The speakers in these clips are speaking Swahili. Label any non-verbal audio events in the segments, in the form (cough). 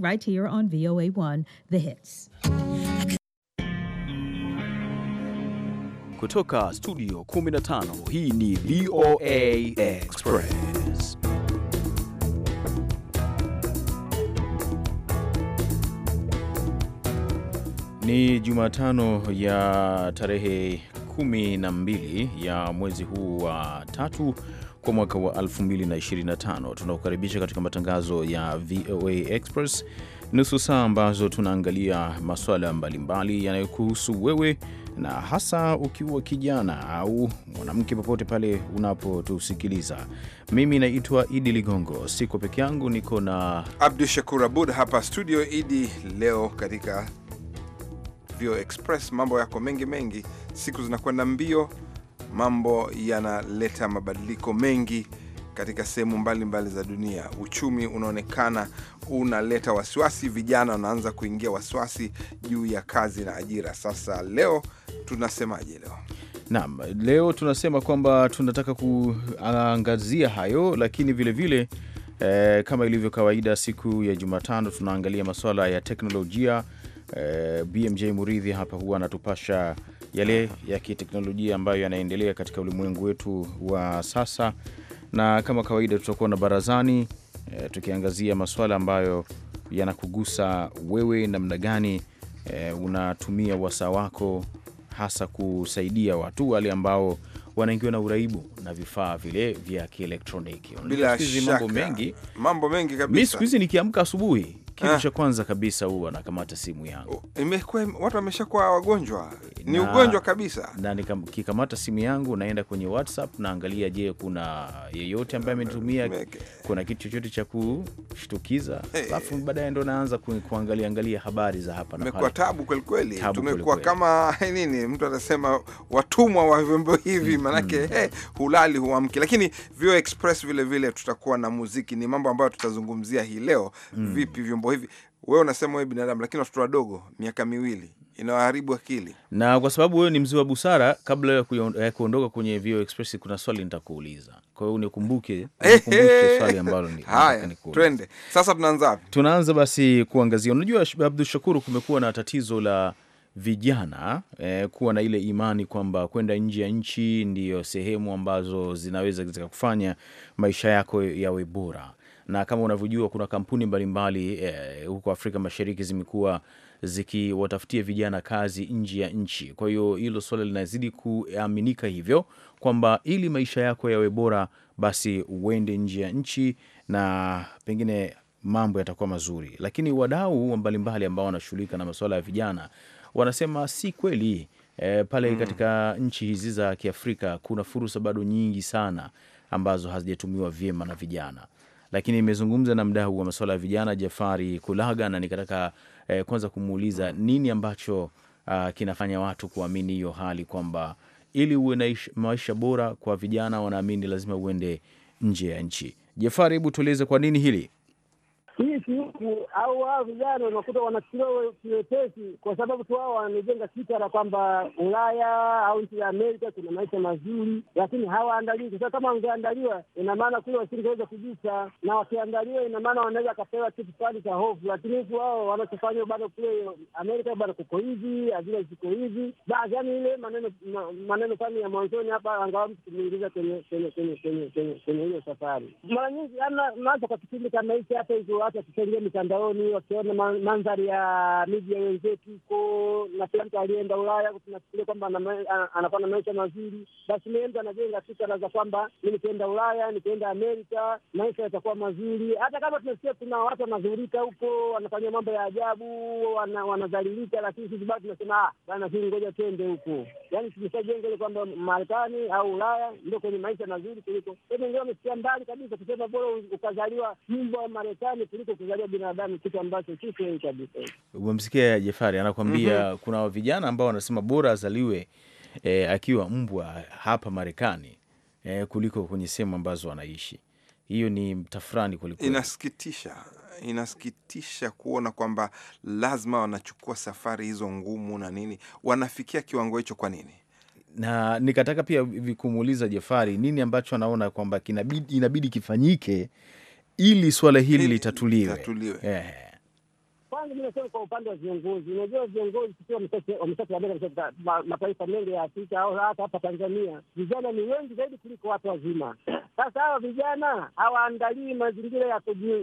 right here on VOA1 The Hits. Kutoka studio 15 hii ni VOA Express. Ni Jumatano ya tarehe 12 ya mwezi huu wa tatu kwa mwaka wa 2025. Tunakukaribisha katika matangazo ya VOA Express, nusu saa ambazo tunaangalia masuala mbalimbali yanayokuhusu wewe, na hasa ukiwa kijana au mwanamke, popote pale unapotusikiliza. Mimi naitwa Idi Ligongo, siko peke yangu, niko na Abdu Shakur Abud hapa studio. Idi, leo katika VOA Express mambo yako mengi mengi, siku zinakwenda mbio mambo yanaleta mabadiliko mengi katika sehemu mbalimbali za dunia. Uchumi unaonekana unaleta wasiwasi, vijana wanaanza kuingia wasiwasi juu ya kazi na ajira. Sasa leo tunasemaje? Leo naam, leo tunasema kwamba tunataka kuangazia hayo, lakini vilevile vile, eh, kama ilivyo kawaida siku ya Jumatano tunaangalia masuala ya teknolojia. Eh, BMJ Muridhi hapa huwa anatupasha yale ya kiteknolojia ambayo yanaendelea katika ulimwengu wetu wa sasa, na kama kawaida tutakuwa na barazani e, tukiangazia masuala ambayo yanakugusa wewe, namna gani e, unatumia wasaa wako hasa kusaidia watu wale ambao wanaingiwa na uraibu na vifaa vile vya kielektroniki. Bila shaka mambo mengi kabisa. Mimi siku hizi nikiamka asubuhi kitu ah. cha kwanza kabisa huwa nakamata simu yangu. Imekuwa watu wameshakuwa wagonjwa, ni na, ugonjwa kabisa. Na nikikamata simu yangu naenda kwenye WhatsApp naangalia, je, kuna yeyote ambaye ametumia kuna kitu chochote cha kushtukiza, alafu hey, baadaye ndo naanza kuangalia angalia habari za hapa na pale. Imekuwa tabu kweli kweli, tumekuwa kama (laughs) eh, nini, mtu anasema watumwa wa vyombo hivi, mm-hmm. manake mm, eh, hey, hulali huamki. Lakini Vio Express vile vile tutakuwa na muziki, ni mambo ambayo tutazungumzia hii leo mm, vipi vyombo kwa hivi wewe unasema wewe binadamu, lakini watoto wadogo miaka miwili inawaharibu akili. Na kwa sababu wewe ni mzee wa busara, kabla ya kuondoka kwenye Vio Express, kuna swali nitakuuliza. Kwa hiyo unikumbuke, unikumbuke swali ambalo ni haya. Twende sasa, tunaanza wapi? Tunaanza basi kuangazia, unajua Abdul Shakuru, kumekuwa na tatizo la vijana eh, kuwa na ile imani kwamba kwenda nje ya nchi ndiyo sehemu ambazo zinaweza zikakufanya maisha yako yawe bora na kama unavyojua kuna kampuni mbalimbali mbali, eh, e, huko Afrika Mashariki zimekuwa zikiwatafutia vijana kazi nje ya nchi. Kwa hiyo hilo swala linazidi kuaminika hivyo kwamba ili maisha yako yawe bora, basi uende nje ya nchi na pengine mambo yatakuwa mazuri. Lakini wadau mbalimbali ambao wanashughulika na masuala ya vijana wanasema si kweli. E, pale hmm. katika nchi hizi za Kiafrika kuna fursa bado nyingi sana ambazo hazijatumiwa vyema na vijana lakini nimezungumza na mdau wa masuala ya vijana Jafari Kulaga na nikataka eh, kwanza kumuuliza nini ambacho uh, kinafanya watu kuamini hiyo hali kwamba ili uwe maisha bora kwa vijana wanaamini lazima uende nje ya nchi. Jafari, hebu tueleze kwa nini hili hii kiungu au hao vijana unakuta wanachukuliwa kiwepesi, kwa sababu tu hao wamejenga picha kwamba Ulaya au nchi ya Amerika kuna maisha mazuri, lakini hawaandaliwi. Sasa kama wangeandaliwa, ina maana kule wasingeweza kujisa, na wakiandaliwa, ina maana wanaweza akapewa kitu fulani cha hofu. Lakini huku wao wanachofanya bado kule Amerika bado kuko hivi, ajira ziko hivi, basi yani ile maneno maneno fani ya mwanzoni hapa, angawa mtu kumuingiza kwenye kwenye kwenye kwenye kwenye hiyo safari, mara nyingi ana maanza kwa kipindi kama hiki hata hizo watu wakishaingia mitandaoni wakiona mandhari ya miji ya wenzetu huko, na kila mtu alienda Ulaya tunafikiria kwamba anakuwa na maisha mazuri, basi mtu anajenga fikra za kwamba mi nikienda Ulaya, nikienda Amerika maisha yatakuwa mazuri, hata kama tunasikia kuna watu wanazurika huko, wanafanyia mambo ya ajabu, wanadhalilika, lakini sisi bado tunasema ah, bana, sisi ngoja tuende huko. Yani tumeshajenga ile kwamba Marekani au Ulaya ndio kwenye maisha mazuri kuliko wengine. Wamesikia mbali kabisa kusema bora ukazaliwa mbwa Marekani kuliko kuzalia binadamu, kitu ambacho si kweli kabisa. Umemsikia Jefari anakuambia mm -hmm. kuna vijana ambao wanasema bora azaliwe e, akiwa mbwa hapa Marekani e, kuliko kwenye sehemu ambazo wanaishi. Hiyo ni mtafurani kwelikweli, inasikitisha inasikitisha kuona kwamba lazima wanachukua safari hizo ngumu na nini, wanafikia kiwango hicho kwa nini? Na nikataka pia vikumuuliza Jefari, nini ambacho anaona kwamba inabidi kifanyike ili swala hili litatuliwe. Eh. Kwanza mi nasema kwa upande wa viongozi, unajua viongozi wameshaaa mataifa mengi ya Afrika au hata hapa Tanzania, vijana ni wengi zaidi kuliko watu wazima. Sasa hawa vijana hawaandalii mazingira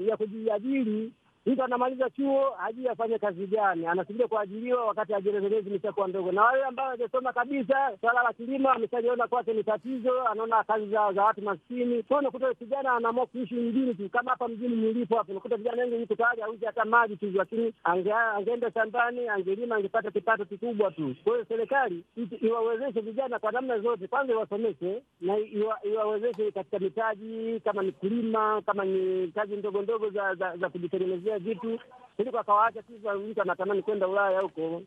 ya kujiajiri mtu anamaliza chuo hajui afanye kazi gani, anasubiria kuajiliwa wakati ajira zenyewe zimeshakuwa ndogo. Na wale ambao hawajasoma kabisa, swala la kilimo ameshaliona kwake ni tatizo, anaona kazi za watu maskini. So unakuta kijana anaamua kuishi mjini tu, kama hapa mjini nilipo hapa, unakuta vijana wengi yuko tayari auzi hata maji tu, lakini angeenda shambani, angelima, angepata kipato kikubwa tu. Kwa hiyo serikali iwawezeshe vijana kwa namna zote, kwanza iwasomeshe na iwawezeshe katika mitaji, kama ni kulima, kama ni kazi ndogo ndogo za za kujitengenezea kuwauzia vitu ili kwa kawaacha sasa, mtu anatamani kwenda Ulaya huko.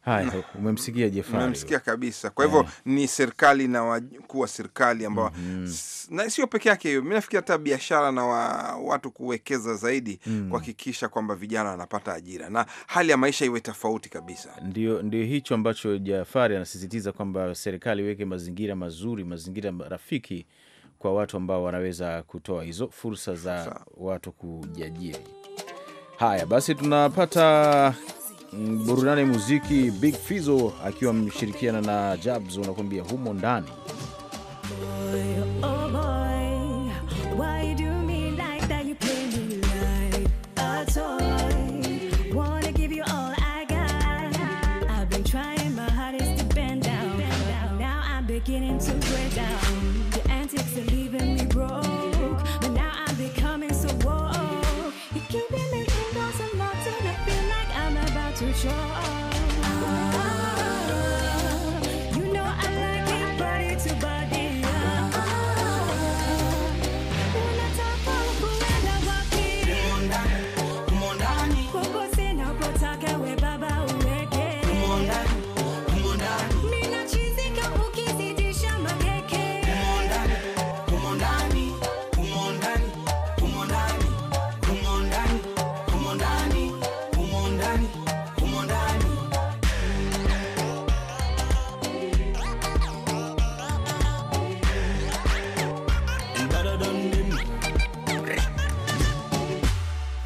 Haya, umemsikia Jefari, umemsikia kabisa. Kwa hivyo eh. ni serikali na wakuu wa serikali ambao mm -hmm. na sio peke yake hiyo, mi nafikiri hata biashara na wa, watu kuwekeza zaidi mm -hmm. kuhakikisha kwamba vijana wanapata ajira na hali ya maisha iwe tofauti kabisa. Ndio, ndio hicho ambacho Jafari anasisitiza kwamba serikali iweke mazingira mazuri, mazingira rafiki kwa watu ambao wanaweza kutoa hizo fursa za watu kujiajiri. Haya basi, tunapata burudani muziki, Big Fizo akiwa mshirikiana na Jabs unakuambia humo ndani getting to break down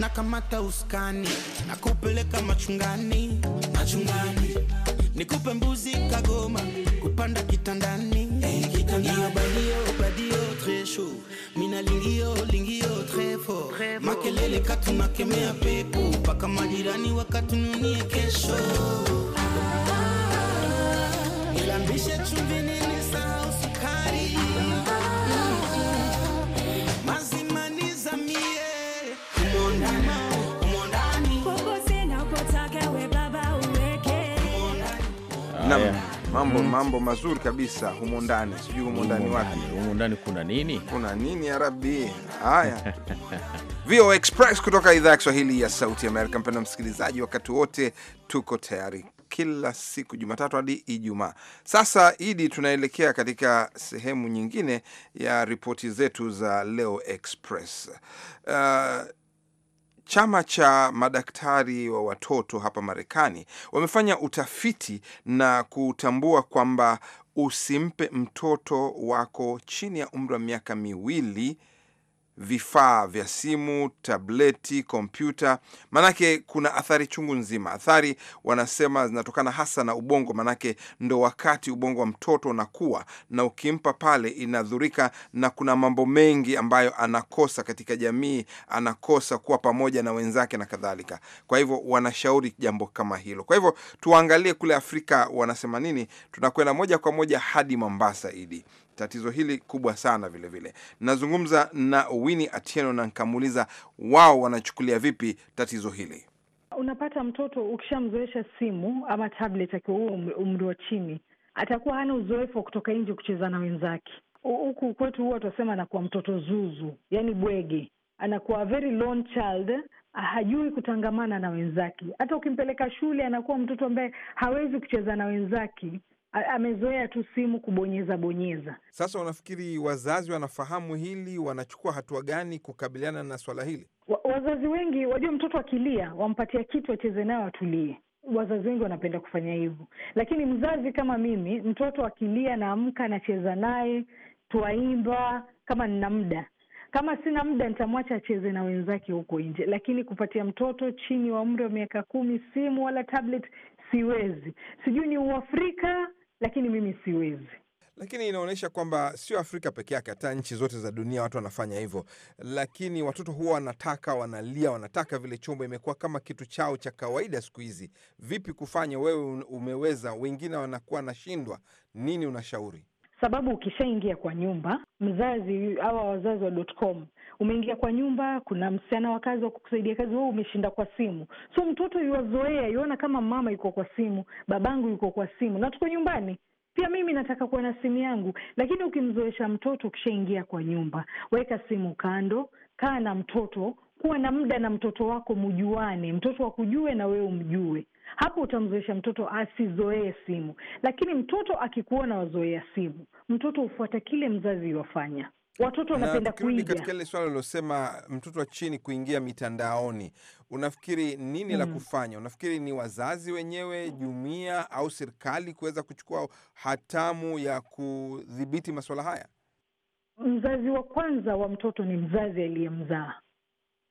nakamata uskani nakupeleka machungani machungani nikupe mbuzi Kagoma kupanda kitandani hey, badio badio tresho mina lingio lingio trefo makelele katunakemea pepo mpaka majirani wakatununie kesho ah, ah, ah. ilambishe chumbini mambo mm. mambo mazuri kabisa humo ndani, sijui humo ndani wapi, humo ndani kuna nini, kuna nini ya rabbi. Haya, (laughs) vo Express kutoka idhaa ya Kiswahili ya Sauti Amerika. Mpendwa msikilizaji, wakati wote tuko tayari kila siku Jumatatu hadi Ijumaa. Sasa Idi, tunaelekea katika sehemu nyingine ya ripoti zetu za leo Express. Uh, Chama cha madaktari wa watoto hapa Marekani wamefanya utafiti na kutambua kwamba usimpe mtoto wako chini ya umri wa miaka miwili vifaa vya simu, tableti, kompyuta. Manake kuna athari chungu nzima. Athari wanasema zinatokana hasa na ubongo, manake ndo wakati ubongo wa mtoto unakuwa, na ukimpa pale inadhurika, na kuna mambo mengi ambayo anakosa katika jamii, anakosa kuwa pamoja na wenzake na kadhalika. Kwa hivyo wanashauri jambo kama hilo. Kwa hivyo tuangalie kule Afrika wanasema nini. Tunakwenda moja kwa moja hadi Mombasa, Idi tatizo hili kubwa sana vilevile. Nazungumza na wini Atieno na nkamuuliza wao wanachukulia vipi tatizo hili. Unapata mtoto ukishamzoesha simu ama tablet akiwa huo umri wa chini, atakuwa hana uzoefu wa kutoka nje kucheza na wenzake. Huku kwetu huwa tunasema anakuwa mtoto zuzu, yani bwege, anakuwa very lone child, hajui kutangamana na wenzake. Hata ukimpeleka shule, anakuwa mtoto ambaye hawezi kucheza na wenzake amezoea tu simu kubonyeza bonyeza. Sasa unafikiri wazazi wanafahamu hili, wanachukua hatua gani kukabiliana na swala hili? Wa, wazazi wengi wajua, mtoto akilia wampatia kitu acheze nayo atulie. Wazazi wengi wanapenda kufanya hivyo, lakini mzazi kama mimi, mtoto akilia naamka, nacheza naye, twaimba kama nina muda kama sina muda nitamwacha acheze na wenzake huko nje, lakini kupatia mtoto chini wa umri wa miaka kumi simu wala tablet siwezi. Sijui ni Uafrika lakini mimi siwezi. Lakini inaonyesha kwamba sio Afrika peke yake, hata nchi zote za dunia watu wanafanya hivyo, lakini watoto huwa wanataka, wanalia, wanataka vile chombo. Imekuwa kama kitu chao cha kawaida siku hizi. Vipi kufanya? Wewe umeweza, wengine wanakuwa anashindwa Nini unashauri? Sababu ukishaingia kwa nyumba, mzazi awa wazazi wa com umeingia kwa nyumba, kuna msichana wa kazi wa kukusaidia kazi, wewe umeshinda kwa simu. So mtoto yuwazoea, yuona kama mama yuko kwa simu, babangu yuko kwa simu na tuko nyumbani pia mimi nataka kuwa na simu yangu. Lakini ukimzoesha mtoto, ukishaingia kwa nyumba, weka simu kando, kaa na mtoto, kuwa na muda na mtoto wako, mjuane, mtoto akujue na wewe umjue. Hapo utamzoesha mtoto asizoee simu. Lakini mtoto akikuona wazoea simu, mtoto hufuata kile mzazi wafanya watoto wanapenda kuingia. Katika ile swala lilosema mtoto wa chini kuingia mitandaoni, unafikiri nini mm, la kufanya? Unafikiri ni wazazi wenyewe, jumuia au serikali kuweza kuchukua hatamu ya kudhibiti masuala haya? Mzazi wa kwanza wa mtoto ni mzazi aliyemzaa.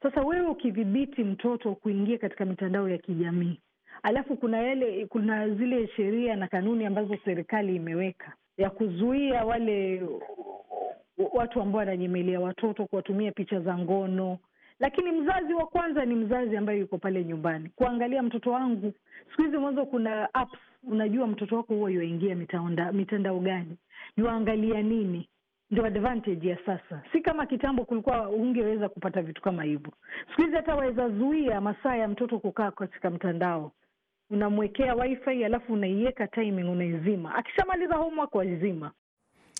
Sasa wewe ukidhibiti mtoto kuingia katika mitandao ya kijamii, alafu kuna yale, kuna zile sheria na kanuni ambazo serikali imeweka ya kuzuia wale watu ambao wananyemelea watoto, kuwatumia picha za ngono. Lakini mzazi wa kwanza ni mzazi ambaye yuko pale nyumbani kuangalia mtoto wangu. Siku hizi mwanzo kuna apps, unajua mtoto wako huwa yuaingia mitandao gani, yuwaangalia nini. Ndio advantage ya sasa, si kama kitambo kulikuwa ungeweza kupata vitu kama hivyo. Siku hizi hata waweza zuia masaa ya mtoto kukaa katika mtandao, unamwekea wifi alafu unaiweka timing, unaizima. Akishamaliza homework wazima,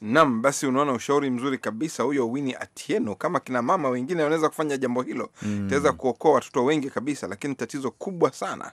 Naam, basi unaona ushauri mzuri kabisa huyo wini Atieno. Kama kina mama wengine wanaweza kufanya jambo hilo, mm. itaweza mm, kuokoa watoto wengi kabisa, lakini tatizo kubwa sana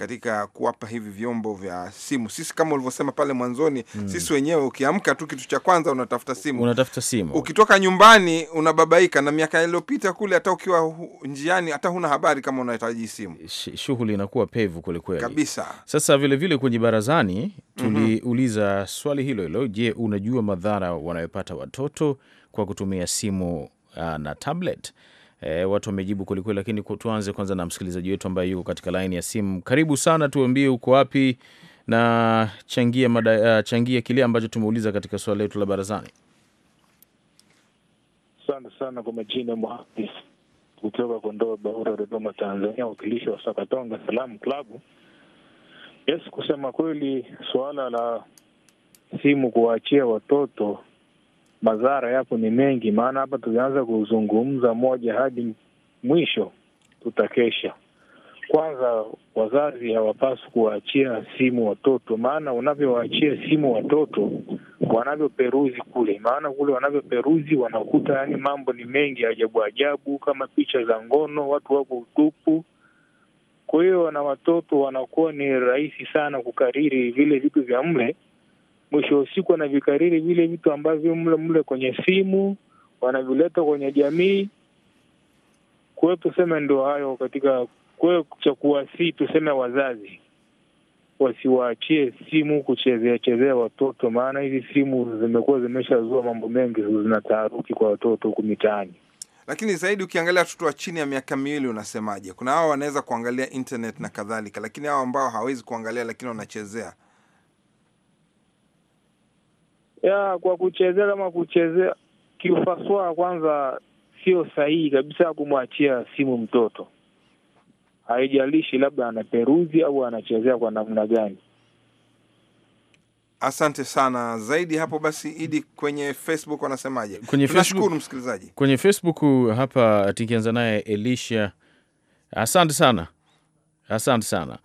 katika kuwapa hivi vyombo vya simu. Sisi kama ulivyosema pale mwanzoni mm. sisi wenyewe ukiamka tu kitu cha kwanza unatafuta simu, unatafuta simu. Ukitoka nyumbani unababaika, na miaka iliyopita kule, hata ukiwa njiani, hata huna habari kama unahitaji simu. Sh shughuli inakuwa pevu kwelikweli kabisa. Sasa vilevile vile kwenye barazani mhm. tuliuliza mm -hmm. swali hilo hilo, je, unajua madhara wanayopata watoto kwa kutumia simu uh, na tablet E, watu wamejibu kwelikweli, lakini tuanze kwanza na msikilizaji wetu ambaye yuko katika laini ya simu. Karibu sana, tuambie uko wapi na changia mada, uh, changia kile ambacho tumeuliza katika swala letu la barazani. Asante sana kwa majina, Muhamed kutoka Kondoa Baura, Dodoma, Tanzania, wakilishi wa Sakatonga Salamu Klabu. Yes, kusema kweli, suala la simu kuwaachia watoto madhara yapo ni mengi, maana hapa tukianza kuzungumza moja hadi mwisho tutakesha. Kwanza, wazazi hawapaswi kuwaachia simu watoto, maana unavyowaachia simu watoto wanavyoperuzi kule, maana kule wanavyoperuzi wanakuta yani mambo ni mengi ajabu ajabu, kama picha za ngono, watu wako utupu. Kwa hiyo na watoto wanakuwa ni rahisi sana kukariri vile vitu vya mle mwisho wa siku wanavikariri vile vitu ambavyo mle mle kwenye simu wanavileta kwenye jamii. Kwa hiyo tuseme ndo hayo katika kwa cha kuwasii, tuseme wazazi wasiwaachie simu kuchezea chezea watoto, maana hizi simu zimekuwa zimeshazua mambo mengi, zina taharuki kwa watoto huku mitaani. Lakini zaidi ukiangalia watoto wa chini ya miaka miwili, unasemaje? Kuna hao wanaweza kuangalia internet na kadhalika, lakini hao ambao hawawezi kuangalia lakini wanachezea ya kwa kuchezea kama kuchezea kiufaswa, kwanza sio sahihi kabisa kumwachia simu mtoto, haijalishi labda anaperuzi au anachezea kwa namna gani. Asante sana zaidi hapo. Basi Idi, kwenye Facebook wanasemaje? Kwenye Facebook, msikilizaji kwenye Facebook uh, hapa uh, tukianza naye Elisha, asante sana, asante sana.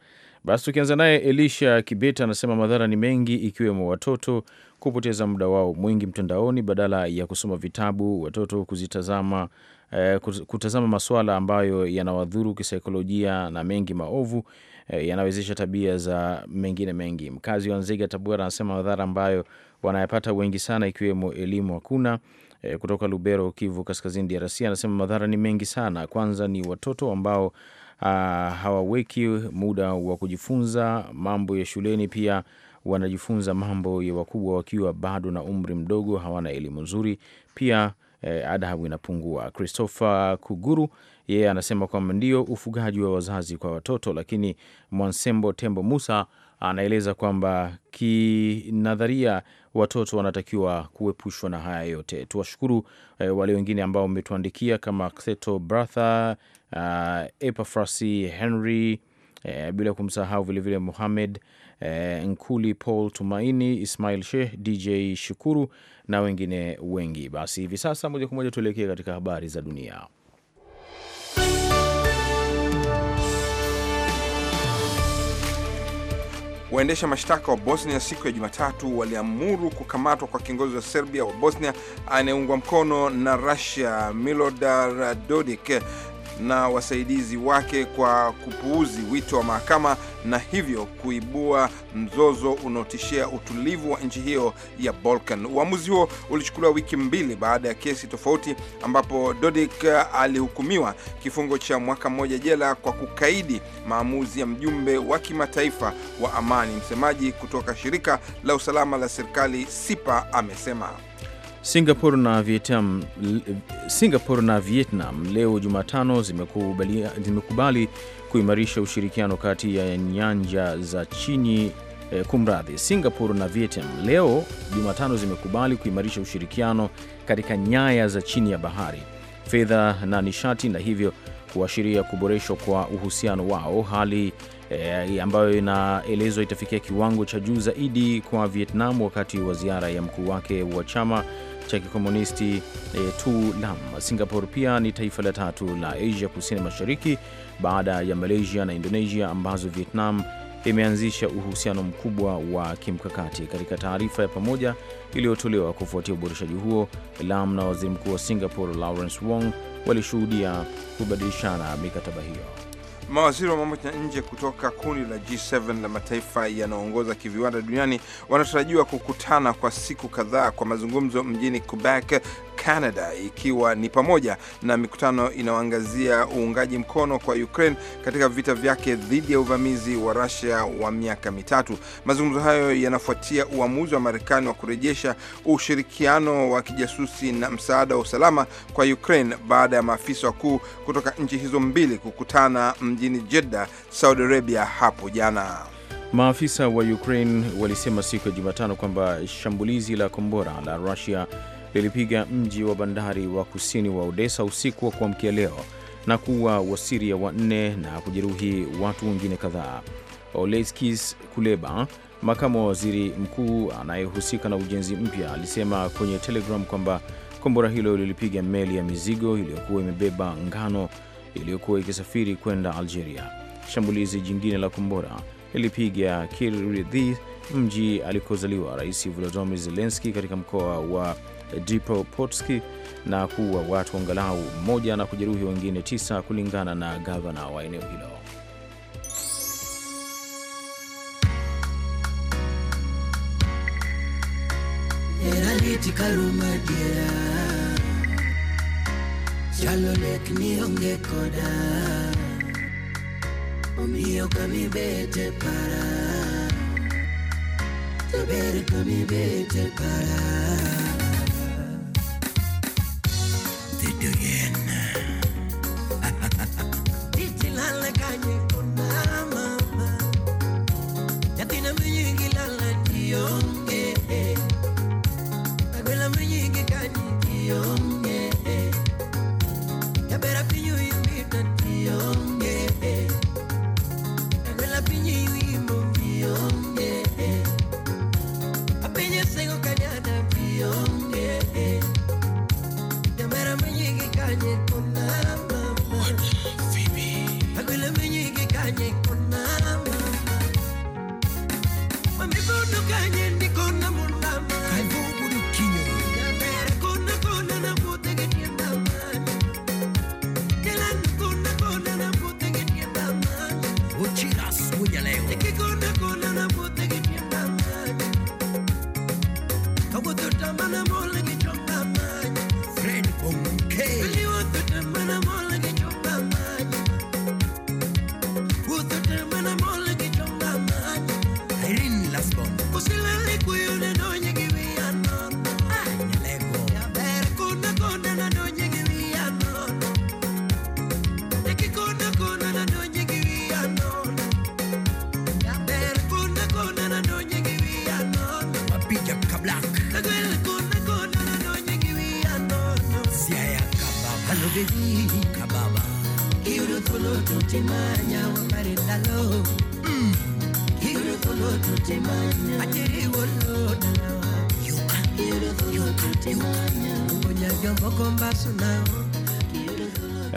Basi tukianza naye Elisha Kibeta anasema madhara ni mengi, ikiwemo watoto kupoteza muda wao mwingi mtandaoni badala ya kusoma vitabu, watoto kuzitazama eh, kutazama masuala ambayo yanawadhuru kisaikolojia na mengi maovu eh, yanawezesha tabia za mengine mengi. Mkazi wa Nzega, Tabora, anasema madhara ambayo wanayapata wengi sana, ikiwemo elimu hakuna eh, kutoka Lubero, Kivu Kaskazini, DRC, anasema madhara ni mengi sana. Kwanza ni watoto ambao uh, hawaweki muda wa kujifunza mambo ya shuleni, pia wanajifunza mambo ya wakubwa wakiwa bado na umri mdogo, hawana elimu nzuri. Pia eh, adabu inapungua. Christopher Kuguru yeye yeah, anasema kwamba ndio ufugaji wa wazazi kwa watoto, lakini Mwansembo Tembo Musa anaeleza kwamba kinadharia watoto wanatakiwa kuepushwa na haya yote. Tuwashukuru eh, wale wengine ambao wametuandikia kama Kseto Bratha, uh, eh, Epafrasi Henry, eh, bila kumsahau vilevile Muhamed Eh, Nkuli Paul Tumaini, Ismail sheh DJ Shukuru na wengine wengi. Basi hivi sasa moja kwa moja tuelekee katika habari za dunia. Waendesha mashtaka wa Bosnia siku ya Jumatatu waliamuru kukamatwa kwa kiongozi wa Serbia wa Bosnia anayeungwa mkono na Rusia Milodar Dodik na wasaidizi wake kwa kupuuzi wito wa mahakama na hivyo kuibua mzozo unaotishia utulivu wa nchi hiyo ya Balkan. Uamuzi huo ulichukuliwa wiki mbili baada ya kesi tofauti ambapo Dodik alihukumiwa kifungo cha mwaka mmoja jela kwa kukaidi maamuzi ya mjumbe wa kimataifa wa amani. Msemaji kutoka shirika la usalama la serikali SIPA amesema Singapore na Vietnam, Singapore na Vietnam leo Jumatano zimekubali, kuimarisha ushirikiano kati ya nyanja za chini eh, kumradhi. Singapore na Vietnam leo Jumatano zimekubali kuimarisha ushirikiano katika nyaya za chini ya bahari, fedha na nishati, na hivyo kuashiria kuboreshwa kwa uhusiano wao, hali eh, ambayo inaelezwa itafikia kiwango cha juu zaidi kwa Vietnam wakati wa ziara ya mkuu wake wa chama cha kikomunisti e, eh, lam Singapore pia ni taifa la tatu la Asia kusini mashariki baada ya Malaysia na Indonesia ambazo Vietnam imeanzisha uhusiano mkubwa wa kimkakati. Katika taarifa ya pamoja iliyotolewa kufuatia uboreshaji huo, Lam na waziri mkuu wa Singapore Lawrence Wong walishuhudia kubadilishana mikataba hiyo. Mawaziri wa mambo ya nje kutoka kundi la G7 la mataifa yanayoongoza kiviwanda duniani wanatarajiwa kukutana kwa siku kadhaa kwa mazungumzo mjini Quebec, Canada, ikiwa ni pamoja na mikutano inayoangazia uungaji mkono kwa Ukraine katika vita vyake dhidi ya uvamizi wa Russia wa miaka mitatu. Mazungumzo hayo yanafuatia uamuzi wa Marekani wa kurejesha ushirikiano wa kijasusi na msaada wa usalama kwa Ukraine baada ya maafisa wakuu kutoka nchi hizo mbili kukutana mjini mjini Jeddah, Saudi Arabia hapo jana. Maafisa wa Ukraine walisema siku ya Jumatano kwamba shambulizi la kombora la Russia lilipiga mji wa bandari wa kusini wa Odessa usiku wa kuamkia leo na kuua Wasiria wanne na kujeruhi watu wengine kadhaa. Oleskis Kuleba, makamu wa waziri mkuu anayehusika na ujenzi mpya, alisema kwenye Telegram kwamba kombora hilo lilipiga meli ya mizigo iliyokuwa imebeba ngano iliyokuwa ikisafiri kwenda Algeria. Shambulizi jingine la kombora lilipiga kiridhi mji alikozaliwa Rais Volodymyr Zelensky, katika mkoa wa Dnipropetrovsk na kuua watu angalau mmoja na kujeruhi wengine tisa, kulingana na gavana wa eneo hilo. lekni onge koda Omiyo kamibete para kami kamibete para Did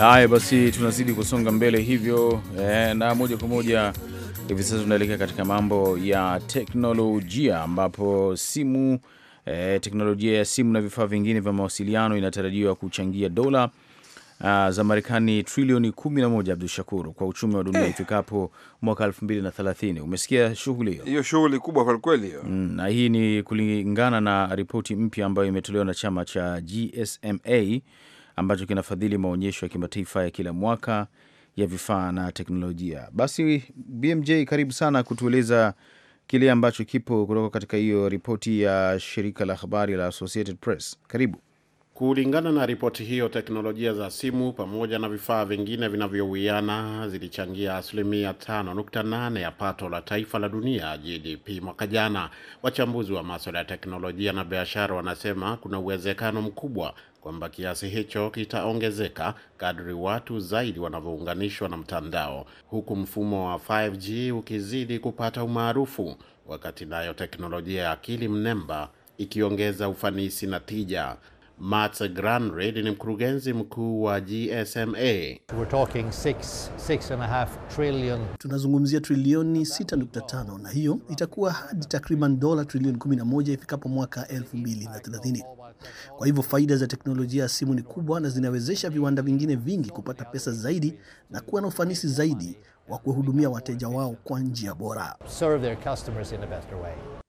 Haya basi, tunazidi kusonga mbele hivyo eh, na moja kwa moja hivi sasa tunaelekea katika mambo ya teknolojia ambapo simu eh, teknolojia ya simu na vifaa vingine vya mawasiliano inatarajiwa kuchangia dola Uh, za Marekani trilioni 11 Abdu Shakur, kwa uchumi wa dunia eh. ifikapo mwaka 2030. Umesikia shughuli hiyo? Hiyo shughuli kubwa kwa kweli hiyo. Mm, na hii ni kulingana na ripoti mpya ambayo imetolewa na chama cha GSMA ambacho kinafadhili maonyesho ya kimataifa ya kila mwaka ya vifaa na teknolojia. Basi BMJ, karibu sana kutueleza kile ambacho kipo kutoka katika hiyo ripoti ya shirika la habari la Associated Press. Karibu. Kulingana na ripoti hiyo, teknolojia za simu pamoja na vifaa vingine vinavyowiana zilichangia asilimia 5.8 ya pato la taifa la dunia GDP mwaka jana. Wachambuzi wa maswala ya teknolojia na biashara wanasema kuna uwezekano mkubwa kwamba kiasi hicho kitaongezeka kadri watu zaidi wanavyounganishwa na mtandao, huku mfumo wa 5G ukizidi kupata umaarufu, wakati nayo teknolojia ya akili mnemba ikiongeza ufanisi na tija. Mats Granred ni mkurugenzi mkuu wa GSMA. We're talking six, six and a half trillion. Tunazungumzia trilioni 6.5 na hiyo itakuwa hadi takriban dola trilioni 11 ifikapo mwaka 2030. Kwa hivyo faida za teknolojia ya simu ni kubwa na zinawezesha viwanda vingine vingi kupata pesa zaidi na kuwa na ufanisi zaidi wa kuhudumia wateja wao kwa njia bora.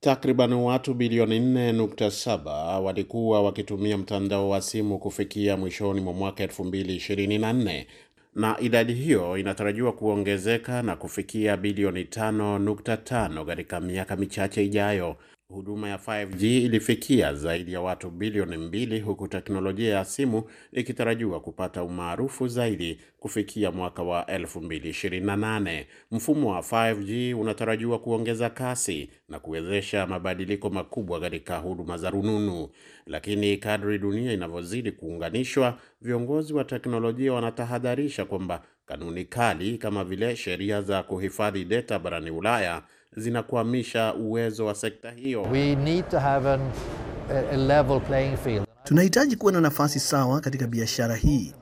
Takriban watu bilioni 4.7 walikuwa wakitumia mtandao wa simu kufikia mwishoni mwa mwaka 2024 na idadi hiyo inatarajiwa kuongezeka na kufikia bilioni 5.5 katika miaka michache ijayo Huduma ya 5G ilifikia zaidi ya watu bilioni mbili huku teknolojia ya simu ikitarajiwa kupata umaarufu zaidi kufikia mwaka wa 2028. Mfumo wa 5G unatarajiwa kuongeza kasi na kuwezesha mabadiliko makubwa katika huduma za rununu. Lakini kadri dunia inavyozidi kuunganishwa, viongozi wa teknolojia wanatahadharisha kwamba kanuni kali kama vile sheria za kuhifadhi data barani Ulaya zinakwamisha uwezo wa sekta hiyo. We need to have an, a level playing field. Tunahitaji kuwa na nafasi sawa katika biashara hii,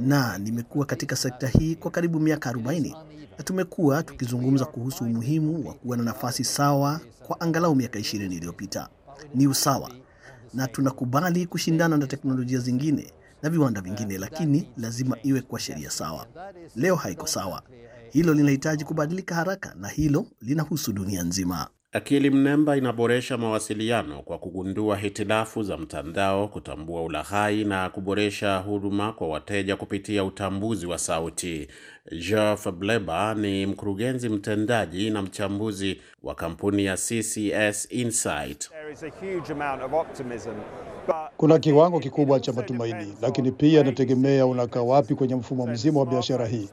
na nimekuwa katika sekta hii kwa karibu miaka 40 na tumekuwa tukizungumza kuhusu umuhimu wa kuwa na nafasi sawa kwa angalau miaka 20 iliyopita. Ni usawa na tunakubali kushindana na teknolojia zingine na viwanda vingine, lakini lazima iwe kwa sheria sawa. Leo haiko sawa. Hilo linahitaji kubadilika haraka na hilo linahusu dunia nzima. Akili mnemba inaboresha mawasiliano kwa kugundua hitilafu za mtandao, kutambua ulaghai na kuboresha huduma kwa wateja kupitia utambuzi wa sauti. Geoff Bleba ni mkurugenzi mtendaji na mchambuzi wa kampuni ya CCS Insight. Kuna kiwango kikubwa cha matumaini, lakini pia inategemea unakaa wapi kwenye mfumo mzima wa biashara hii,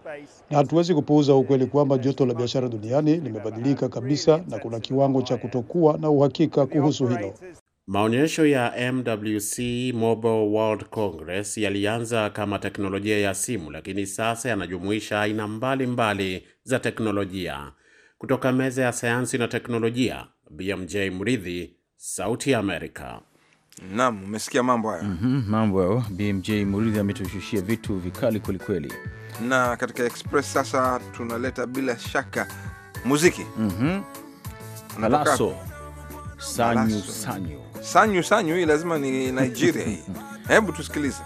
na hatuwezi kupuuza ukweli kwamba joto la biashara duniani limebadilika kabisa, na kuna kiwango cha kutokuwa na uhakika kuhusu hilo. Maonyesho ya MWC Mobile World Congress yalianza kama teknolojia ya simu, lakini sasa yanajumuisha aina mbalimbali za teknolojia. Kutoka meza ya sayansi na teknolojia, BMJ Mridhi, Sauti ya Amerika. Naam, umesikia mambo hayo. mm -hmm, mambo hayo BMJ Muridhi ametushushia vitu vikali kwelikweli, na katika Express sasa tunaleta bila shaka muziki mm -hmm. Alaso sanyu sanyu sanyu sanyu, hii lazima ni Nigeria hii (laughs) hebu tusikilize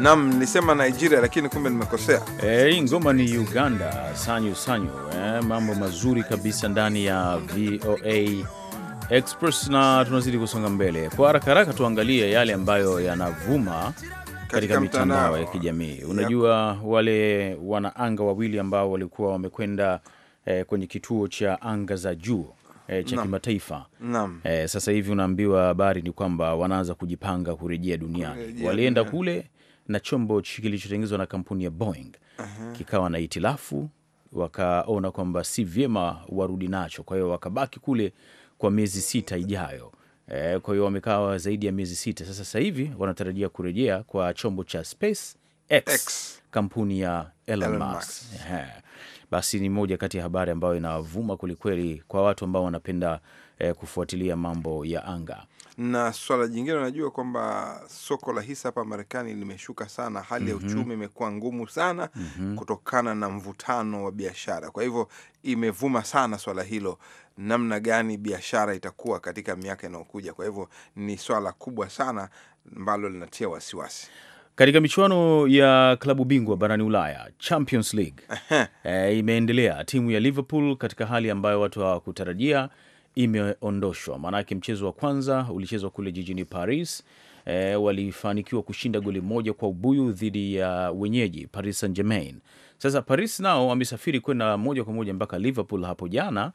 Nam, nisema Nigeria lakini kumbe nimekosea. E, ngoma ni Uganda, sanyu sanyu. E, mambo mazuri kabisa ndani ya VOA Express na tunazidi kusonga mbele kwa haraka haraka. Tuangalie yale ambayo yanavuma katika mitandao ya kijamii. Unajua yep, wale wanaanga wawili ambao walikuwa wamekwenda e, kwenye kituo cha anga za juu E, cha kimataifa e, sasa hivi unaambiwa habari ni kwamba wanaanza kujipanga kurejea duniani. Walienda kule na chombo kilichotengenezwa na kampuni ya Boeing kikawa na itilafu, wakaona kwamba si vyema warudi nacho, kwa hiyo wakabaki kule kwa miezi sita ijayo. E, kwa hiyo wamekaa zaidi ya miezi sita sasa. Sasa hivi wanatarajia kurejea kwa chombo cha Space X, X. kampuni ya Elon Musk. Basi ni moja kati ya habari ambayo inavuma kwelikweli kwa watu ambao wanapenda e, kufuatilia mambo ya anga. Na swala jingine, unajua kwamba soko la hisa hapa Marekani limeshuka sana, hali mm -hmm. ya mhm. uchumi imekuwa ngumu sana mm -hmm. kutokana na mvutano wa biashara. Kwa hivyo imevuma sana swala hilo, namna gani biashara itakuwa katika miaka inayokuja. Kwa hivyo ni swala kubwa sana ambalo linatia wasiwasi katika michuano ya klabu bingwa barani Ulaya, Champions League e, imeendelea timu ya Liverpool katika hali ambayo watu hawakutarajia imeondoshwa, maanake mchezo wa kwanza ulichezwa kule jijini Paris. E, walifanikiwa kushinda goli moja kwa ubuyu dhidi ya wenyeji Paris Saint-Germain. Sasa Paris nao wamesafiri kwenda moja kwa moja mpaka Liverpool hapo jana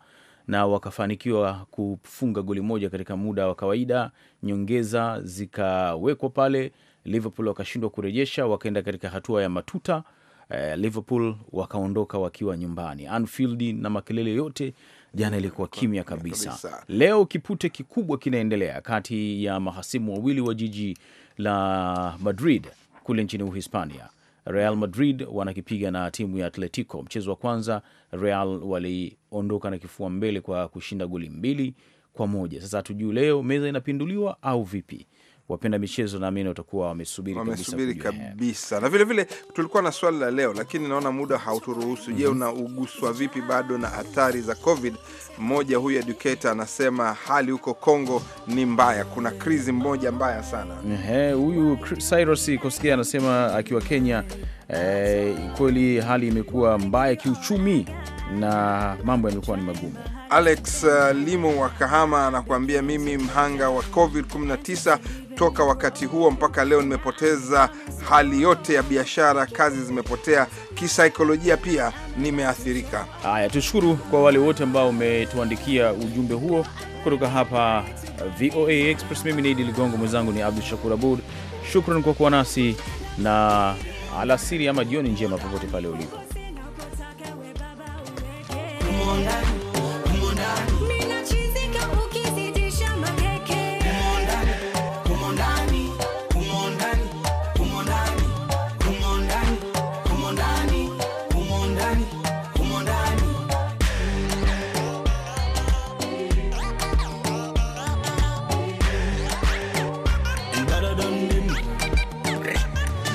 na wakafanikiwa kufunga goli moja katika muda wa kawaida, nyongeza zikawekwa pale. Liverpool wakashindwa kurejesha, wakaenda katika hatua ya matuta. E, Liverpool wakaondoka wakiwa nyumbani Anfield na makelele yote Jana ilikuwa kimya kabisa. Leo kipute kikubwa kinaendelea kati ya mahasimu wawili wa jiji la Madrid kule nchini Uhispania. Real Madrid wanakipiga na timu ya Atletico. Mchezo wa kwanza Real waliondoka na kifua mbele kwa kushinda goli mbili kwa moja. Sasa hatujui leo meza inapinduliwa au vipi? wapenda michezo naamini watakuwa wamesubiri wamesubiri kabisa, kabisa. Na vile vile tulikuwa na swali la leo, lakini naona muda hauturuhusu. Je, mm -hmm. unauguswa vipi bado na hatari za COVID? Mmoja huyu educator anasema hali huko Kongo ni mbaya, kuna krizi moja mbaya sana. Ehe, huyu Cyrus Koskia anasema akiwa Kenya, eh, kweli hali imekuwa mbaya kiuchumi na mambo yamekuwa ni magumu. Alex uh, Limo wa Kahama anakuambia mimi mhanga wa COVID 19 Toka wakati huo mpaka leo nimepoteza hali yote ya biashara, kazi zimepotea, kisaikolojia pia nimeathirika. Haya, tushukuru kwa wale wote ambao umetuandikia ujumbe huo kutoka hapa uh, VOA Express. Mimi ni Idi Ligongo, mwenzangu ni Abdu Shakur Abud. Shukran kwa kuwa nasi na alasiri ama jioni njema popote pale ulipo.